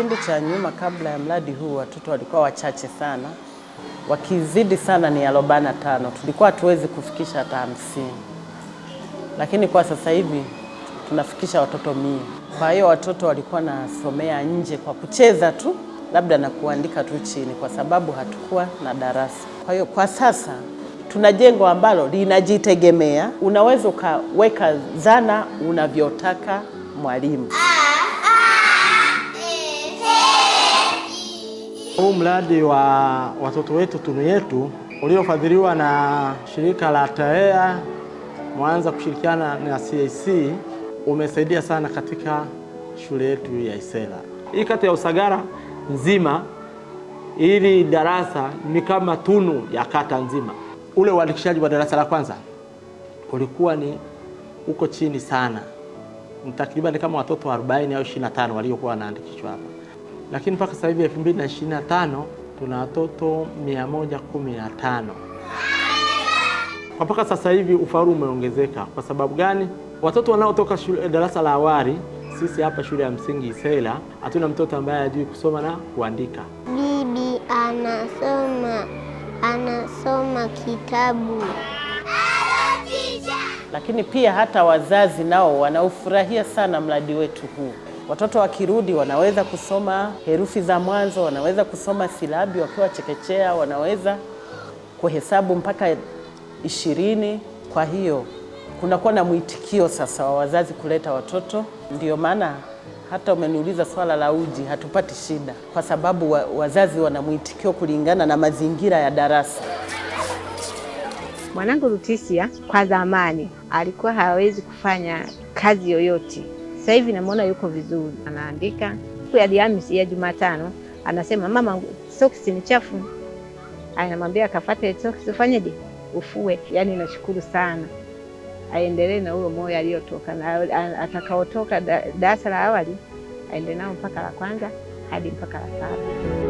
Kipindi cha nyuma kabla ya mradi huu watoto walikuwa wachache sana, wakizidi sana ni arobaini na tano, tulikuwa hatuwezi kufikisha hata hamsini, lakini kwa sasa hivi tunafikisha watoto mia. Kwa hiyo watoto walikuwa nasomea nje kwa kucheza tu labda na kuandika tu chini, kwa sababu hatukuwa na darasa. Kwa hiyo kwa sasa tuna jengo ambalo linajitegemea, unaweza ukaweka zana unavyotaka mwalimu. Huu mradi wa watoto wetu tunu yetu uliofadhiliwa na shirika la TAEA Mwanza kushirikiana na CAC umesaidia sana katika shule yetu ya Isela. Hii kata ya Usagara nzima, ili darasa ni kama tunu ya kata nzima. Ule uandikishaji wa darasa la kwanza ulikuwa ni uko chini sana, takribani kama watoto 40 au 25 waliokuwa wanaandikishwa hapa lakini mpaka sasa hivi 2025 tuna watoto 115. Kwa mpaka sasa hivi ufaulu umeongezeka. Kwa sababu gani? Watoto wanaotoka shule darasa la awali, sisi hapa shule ya msingi Isela hatuna mtoto ambaye hajui kusoma na kuandika. Bibi anasoma anasoma kitabu lakini pia hata wazazi nao wanaofurahia sana mradi wetu huu. Watoto wakirudi wanaweza kusoma herufi za mwanzo, wanaweza kusoma silabi wakiwa chekechea, wanaweza kuhesabu mpaka ishirini. Kwa hiyo kunakuwa na mwitikio sasa wa wazazi kuleta watoto. ndio maana hata umeniuliza swala la uji, hatupati shida kwa sababu wa, wazazi wana mwitikio kulingana na mazingira ya darasa. Mwanangu Lutisia kwa zamani alikuwa hawezi kufanya kazi yoyote sasa hivi namwona yuko vizuri, anaandika. Siku ya Alhamisi ya Jumatano anasema mama, soksi ni chafu, anamwambia akafate soksi, ufanyeje? Ufue. Yani nashukuru sana, aendelee na huyo moyo aliyotoka na atakaotoka darasa la awali aende nao mpaka la kwanza hadi mpaka la saba.